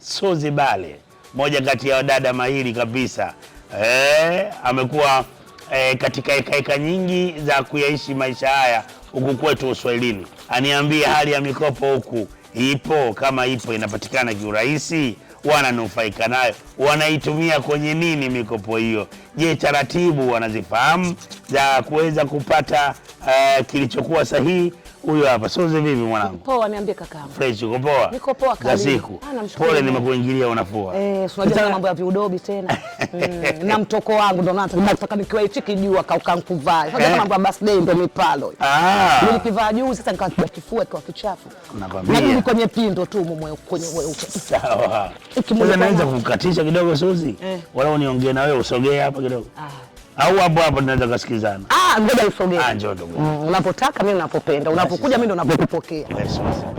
Suzi Bale, moja kati ya wadada mahiri kabisa e, amekuwa e, katika hekaheka nyingi za kuyaishi maisha haya huku kwetu Uswahilini. Aniambie hali ya mikopo huku ipo, kama ipo inapatikana kiurahisi, wananufaika nayo, wanaitumia kwenye nini mikopo hiyo? Je, taratibu wanazifahamu za kuweza kupata uh, kilichokuwa sahihi Huyu hapa soze, vipi mwanangu? Poa, niambie kakaangu. Fresh, uko poa? Niko poa kabisa. Siku. Ah, Pole nimekuingilia unafua. Eh, unajua mambo ya viudobi tena. Mm, na mtoko wangu ndo nataka nikiwa hichi kijua kaukankuvaa. Sasa eh? mambo ya birthday ndo mipalo. Ah. Nilikivaa juu sasa nikawa kifua kwa kichafu. Nakwambia. Na kwenye pindo tu mume kwenye wewe. Sawa. Sasa naanza kukatisha kidogo sozi. Eh. Wala uniongee na wewe usogee hapa kidogo. Ah. Au hapo hapo tunaweza kusikizana. Ah. Ah, ngoja nisogee ah, mm, unapotaka, mimi ninapopenda, unapokuja mimi ndo ninapokupokea.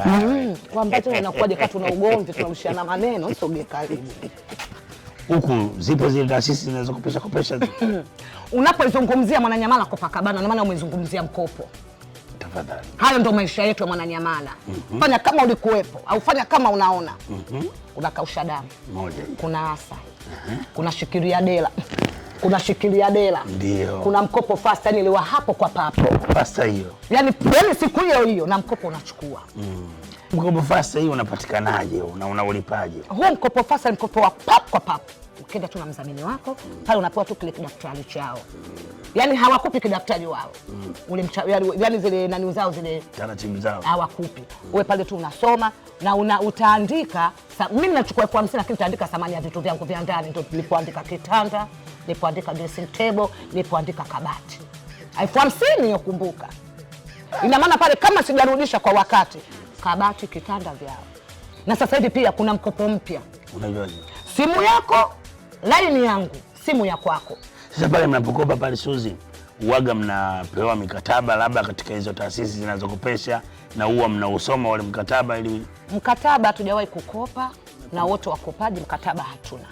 Mm, kwamba tena unakuja kati, tuna ugomvi, tunarushiana maneno, sogee karibu huku zipo zile taasisi zinaweza kupesha kupesha. Unapozungumzia Mwananyamala pakabana, na maana umezungumzia mkopo. Tafadhali, hayo ndo maisha yetu ya Mwananyamala. mm -hmm. Fanya kama ulikuwepo au fanya kama unaona. mm -hmm. Kuna kausha damu moja, kuna asa, uh -huh. kuna shikiria dela kuna shikilia dela, ndio kuna mkopo fast, yani liwa hapo kwa papo fast hiyo, yani yani siku hiyo hiyo na mkopo unachukua mm. Mkopo fasta hiyo unapatikanaje na unaulipaje? Huu mkopo fasta ni mkopo wa papo kwa papo ukienda tu na mzamini wako mm. pale unapewa tu kile kidaftari chao mm yani hawakupi kidaftari wao mm. ule mcha, yani, yaani zile nani zao zile taratibu zao hawakupi mm. Uwe pale tu unasoma na una utaandika. Mimi nachukua elfu hamsini lakini utaandika thamani ya vitu vyangu vya ndani, ndio nilipoandika kitanda, nilipoandika dressing table, nilipoandika kabati. elfu hamsini yokumbuka, ina maana pale kama sijarudisha kwa wakati kabati, kitanda vyao. Na sasa hivi pia kuna mkopo mpya, simu yako, laini yangu, simu ya kwako sasa pale mnapokopa pale Suzi, uwaga mnapewa mikataba labda katika hizo taasisi zinazokopesha, na huwa mnausoma wale mkataba ili mkataba hatujawahi kukopa na wote wakopaji mkataba hatuna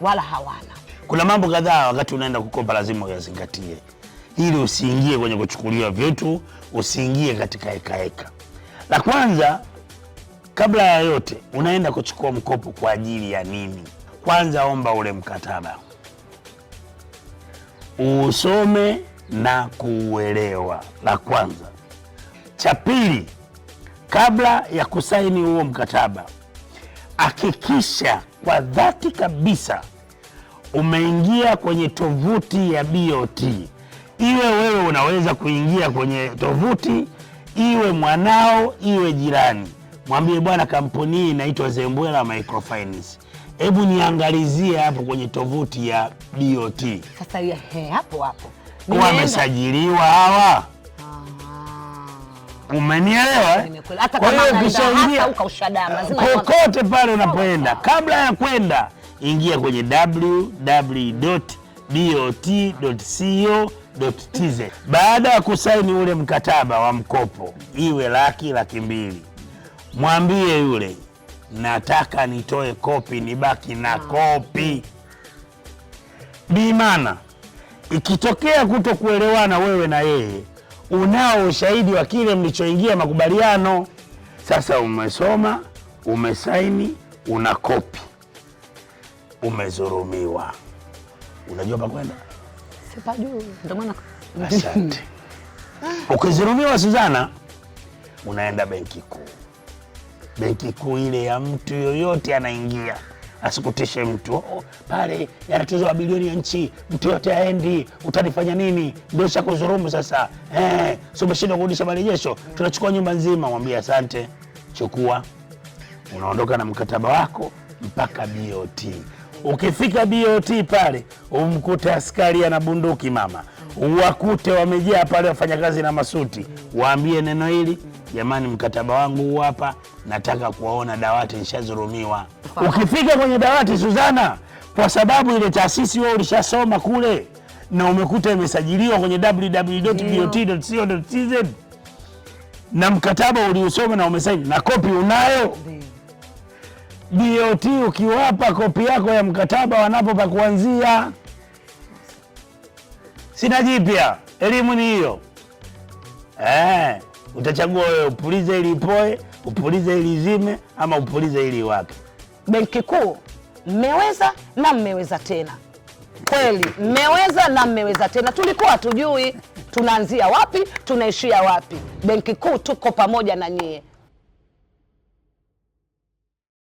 wala hawana. Kuna mambo kadhaa wakati unaenda kukopa lazima uyazingatie, ili usiingie kwenye kuchukuliwa vitu, usiingie katika hekaheka. La kwanza kabla ya yote, unaenda kuchukua mkopo kwa ajili ya nini? Kwanza omba ule mkataba uusome na kuuelewa, la kwanza. Cha pili, kabla ya kusaini huo mkataba, hakikisha kwa dhati kabisa umeingia kwenye tovuti ya BOT. Iwe wewe unaweza kuingia kwenye tovuti, iwe mwanao, iwe jirani, mwambie bwana, kampuni hii inaitwa Zembwela Microfinance hebu niangalizie hapo kwenye tovuti ya bot Sasa he, hapo hapo wamesajiliwa hawa, umenielewa? Eh? Kwa hiyo ukishaingia kokote pale unapoenda, kabla ya kwenda ingia kwenye www.dot.co tz baada ya kusaini ule mkataba wa mkopo, iwe laki laki mbili, mwambie yule nataka nitoe kopi nibaki na kopi. bimana ikitokea kuto kuelewana wewe na yeye, unao ushahidi wa kile mlichoingia makubaliano. Sasa umesoma, umesaini, una kopi, umezurumiwa Unajua pa kwenda? Sipajui, ndio maana. Asante. Suzana, unaenda benki kuu benki kuu ile ya mtu yoyote anaingia, asikutishe mtu oh, pale yanatozwa mabilioni ya nchi, mtu yote aendi, utanifanya nini? Ndio sha kuzurumu sasa eh, si umeshindwa kurudisha marejesho, tunachukua nyumba nzima. Mwambie asante, chukua, unaondoka na mkataba wako mpaka BOT. Ukifika BOT pale umkute askari ana bunduki, mama, uwakute wamejaa pale wafanyakazi na masuti, waambie neno hili, jamani, mkataba wangu huu hapa, nataka kuwaona dawati, nishazurumiwa Ukifika kwenye dawati Suzana, kwa sababu ile taasisi wewe ulishasoma kule na umekuta imesajiliwa kwenye www.bot.co.tz na mkataba uliosoma na umesaini na kopi unayo BOT. Ukiwapa kopi yako ya mkataba, wanapo pa kuanzia. Sina jipya, elimu ni hiyo eh. Utachagua wewe upulize ili ipoe, upulize ili izime, ama upulize ili iwake. Benki Kuu mmeweza na mmeweza tena, kweli mmeweza na mmeweza tena. Tulikuwa hatujui tunaanzia wapi tunaishia wapi. Benki Kuu tuko pamoja na nyie.